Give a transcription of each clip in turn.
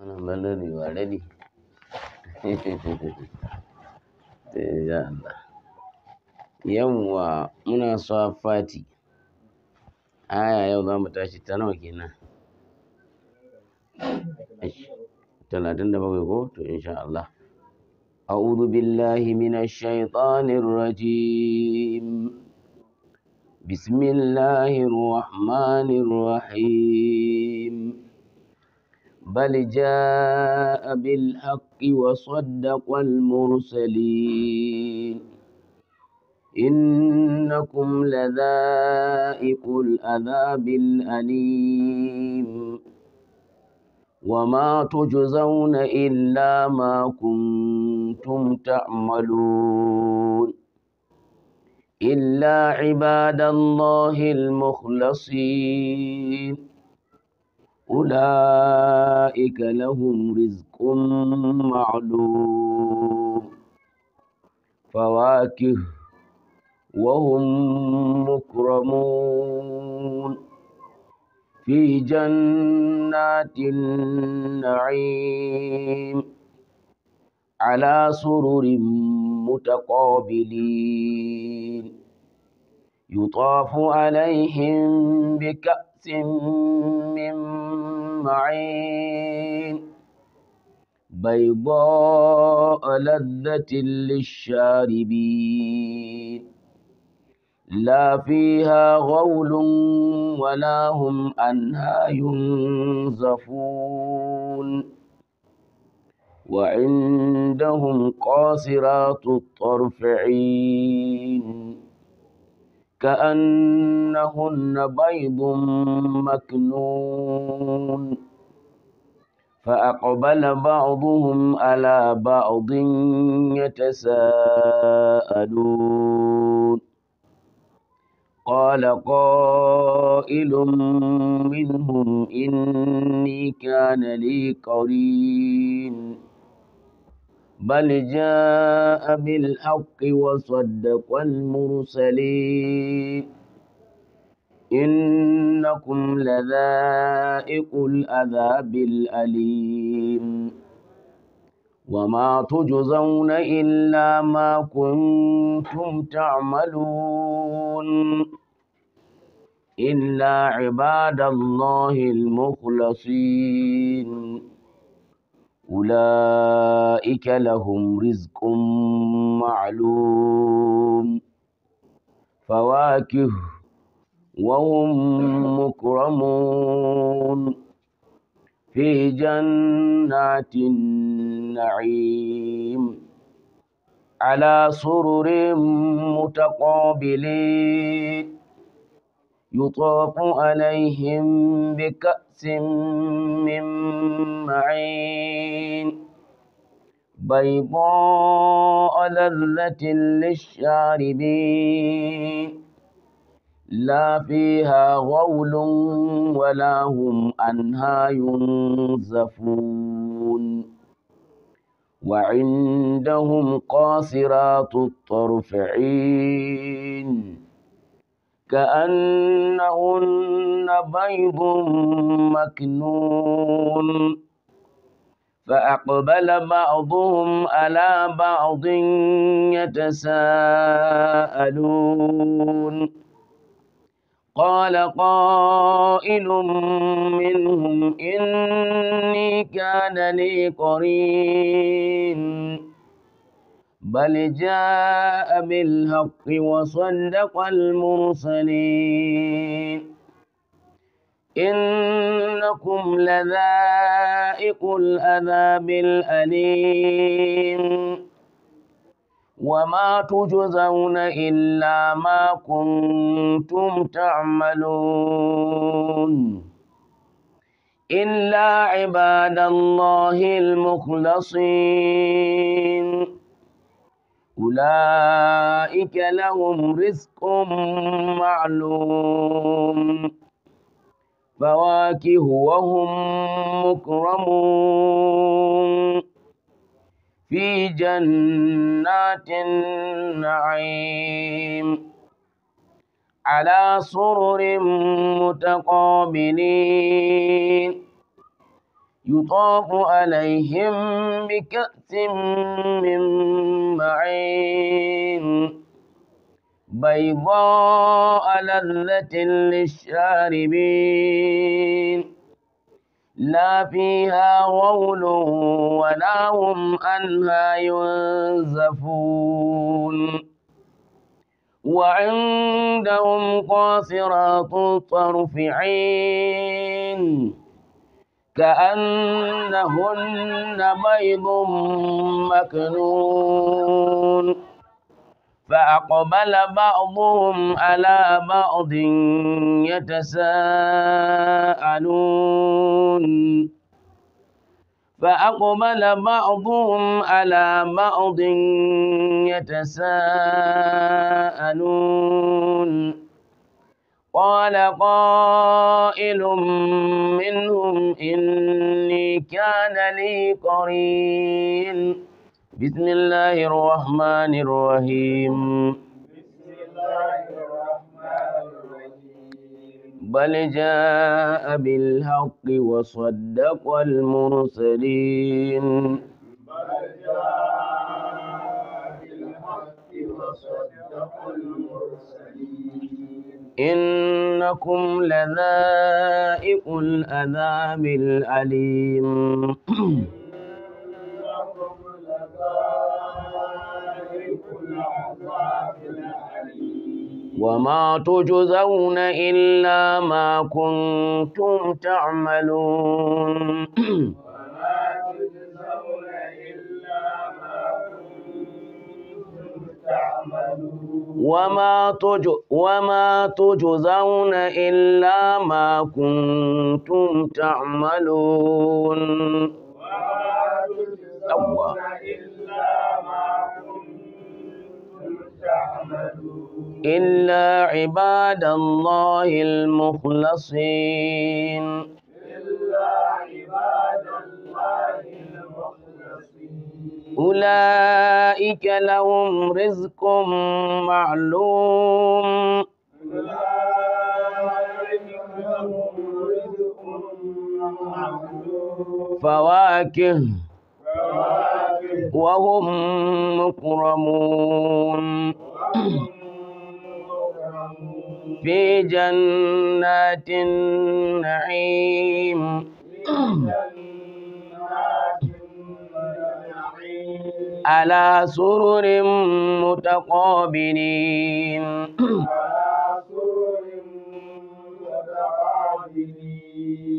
Wannan ballo ne ware eh, Allah. Yawwa muna fati. Aya yau za mu tashi ta nawa kenan. Talatin da bakwai ko? To insha Allah. أعوذ بالله من الشيطان الرجيم بسم الله الرحمن الرحيم بل جاء بالحق وصدق المرسلين إنكم لذائق العذاب الأليم وما تجزون إلا ما كنتم تعملون إلا عباد الله المخلصين أولئك لهم رزق معلوم فواكه وهم مكرمون في جنات النعيم على سرر متقابلين يطاف عليهم بكأس من معين بيضاء لذة للشاربين لا فيها غول ولا هم عنها ينزفون وعندهم قاصرات الطرفعين كأنهن بيض مكنون فأقبل بعضهم على بعض يتساءلون قال قائل منهم إني كان لي قرين بل جاء بالحق وصدق المرسلين إنكم لذائق العذاب الأليم وما تجزون إلا ما كنتم تعملون إلا عباد الله المخلصين أولئك لهم رزق معلوم فواكه وهم مكرمون في جنات النعيم على سرر متقابلين يطاف عليهم بكأس من معين بيضاء لذة للشاربين لا فيها غول ولا هم عنها ينزفون وعندهم قاصرات الطرفعين كأنهن بيض مكنون فأقبل بعضهم على بعض يتساءلون قال قائل منهم إني كان لي قرين بل جاء بالحق وصدق المرسلين إنكم لذائق الأذاب الأليم وما تجزون إلا ما كنتم تعملون إلا عباد الله المخلصين أولئك لهم رزق معلوم فواكه وهم مكرمون في جنات النعيم على سرر متقابلين يطاف عليهم بكأس من معين بيضاء لذة للشاربين لا فيها غول ولا هم عنها ينزفون وعندهم قاصرات الطرف عين كأنهن بيض مكنون فأقبل بعضهم على بعض يتساءلون فأقبل بعضهم على بعض يتساءلون قال قائل منهم إني كان لي قرين بسم الله الرحمن الرحيم بسم الله الرحمن الرحيم بل جاء بالحق وصدق المرسلين بل جاء بالحق وصدق المرسلين إنكم لذائق العذاب الأليم وما تجزون إلا ما كنتم تعملون وما تج وما تجزون إلا ما كنتم تعملون الله إلا عباد الله المخلصين أولئك لهم رزق معلوم فواكه وهم مكرمون في جنات النعيم على سرر متقابلين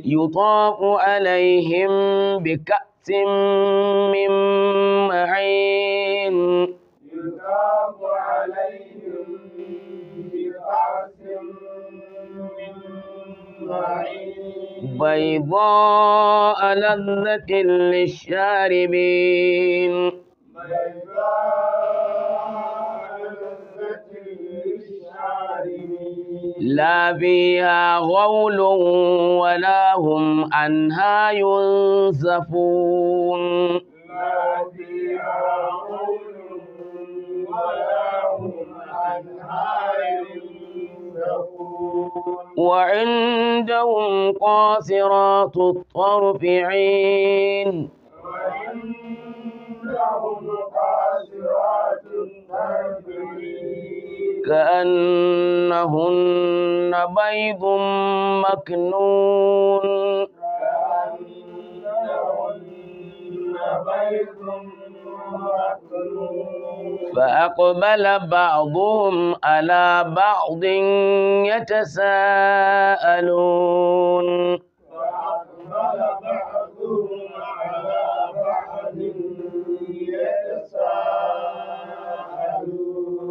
يطاف عليهم بكأس من معين يطاف عليهم بكأس من معين بيضاء لذة للشاربين لا فيها غول ولا هم عنها ينزفون فيها غول ولا هم عنها ينزفون وعندهم قاصرات الطرف عين وعندهم قاصرات الطرف كأنهن بيض مكنون فأقبل بعضهم على بعض يتساءلون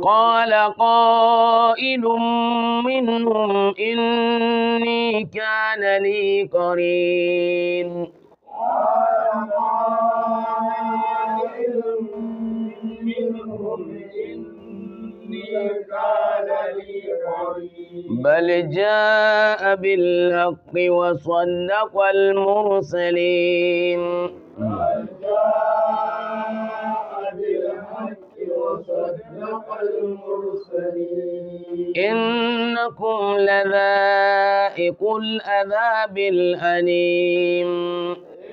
قال قائل منهم إني كان لي قرين قال قائل منهم إني كان لي قرين بل جاء بالحق وصدق المرسلين بل جاء إنكم لذائق الأذاب الأليم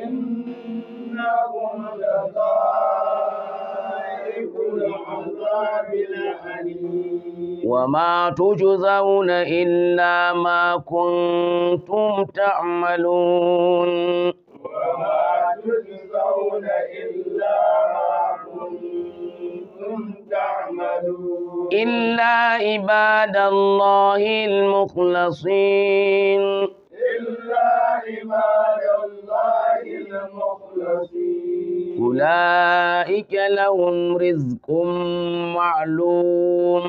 إنكم لذائق العذاب الأليم وما تجزون إلا ما كنتم تعملون وما إلا عباد الله المخلصين إلا عباد الله المخلصين أولئك لهم رزق معلوم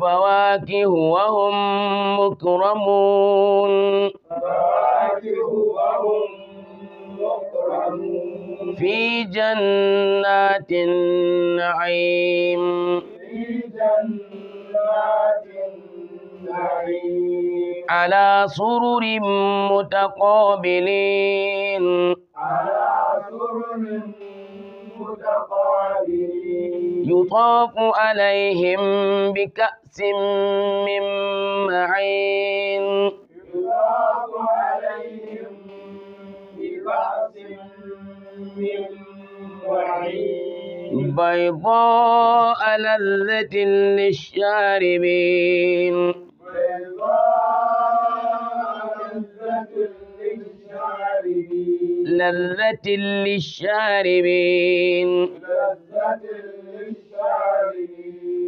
فواكه وهم مكرمون فواكه وهم في جنات النعيم على سرر متقابلين يطاف عليهم بكأس من معين بيضاء لذة للشاربين لذة للشاربين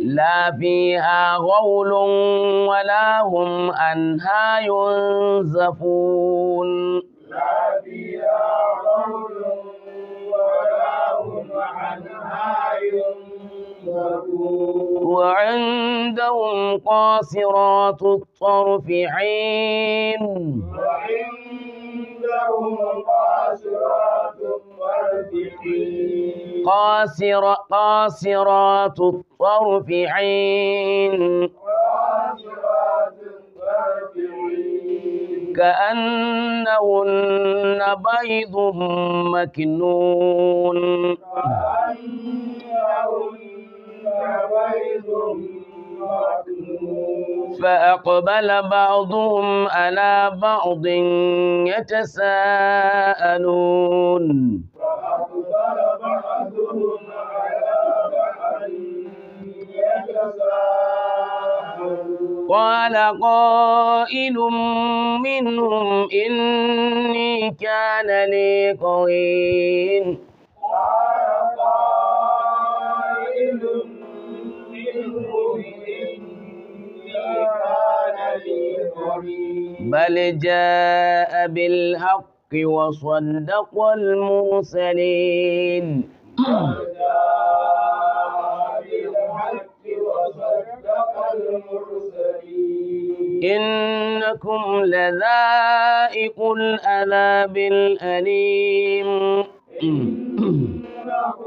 لا فيها غول ولا هم أنها ينزفون وعندهم قاصرات الطرف عين وعندهم قاصرات الطرف عين قاصر قاصرات الطرف عين كأنهن بيض مكنون كأنهن فأقبل بعضهم على بعض يتساءلون فأقبل بعضهم على بعض يتساءلون قال قائل منهم إني كان لي قرين بل جاء بالحق وصدق المرسلين إنكم لذائق العذاب الأليم إنكم لذائق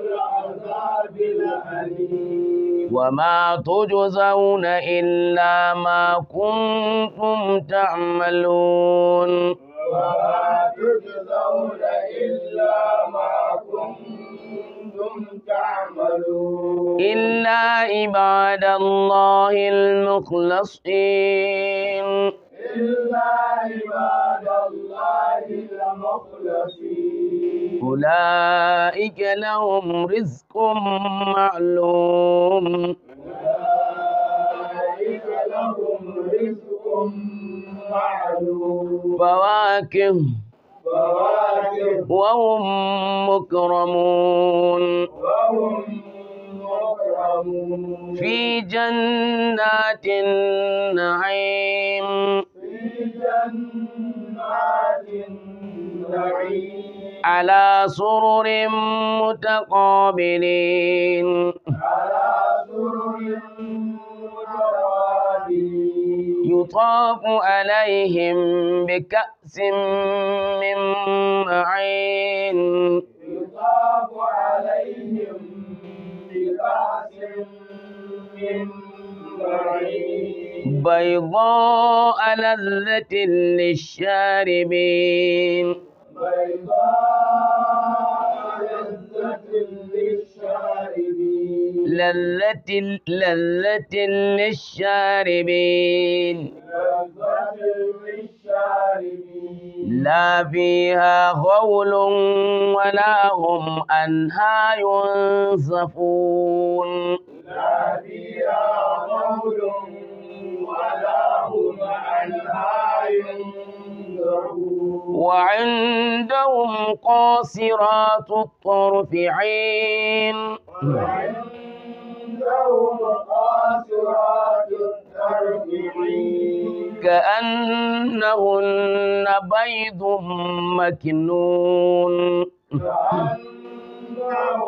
العذاب الأليم وما تجزون إلا ما كنتم تعملون وما تجزون إلا ما كنتم تعملون إلا عباد الله المخلصين إلا عباد الله المخلصين مخلصين أولئك لهم رزق معلوم أولئك لهم رزق معلوم فواكه فواكه وهم مكرمون وهم في جنات النعيم في جنات على سرر متقابلين يطاف عليهم بكأس من معين يطاف عليهم بكأس من معين بيضاء لذة للشاربين للة للشاربين لا فيها غول ولا هم أنها ينصفون لا فيها غول ولا هم أنها ينصفون وعندهم قاصرات الطرف عين وعندهم قاصرات كأنهن بيض مكنون كأنهن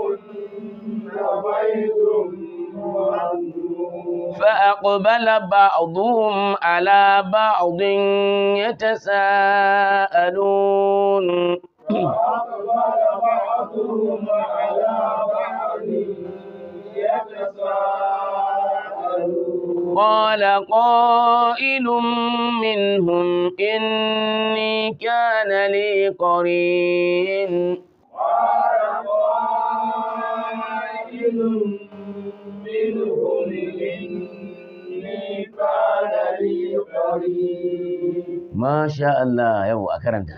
بيض مكنون فأقبل بعضهم على بعض يتساءلون قال قائل منهم إني كان لي قرين Masha Allah yau a karanta.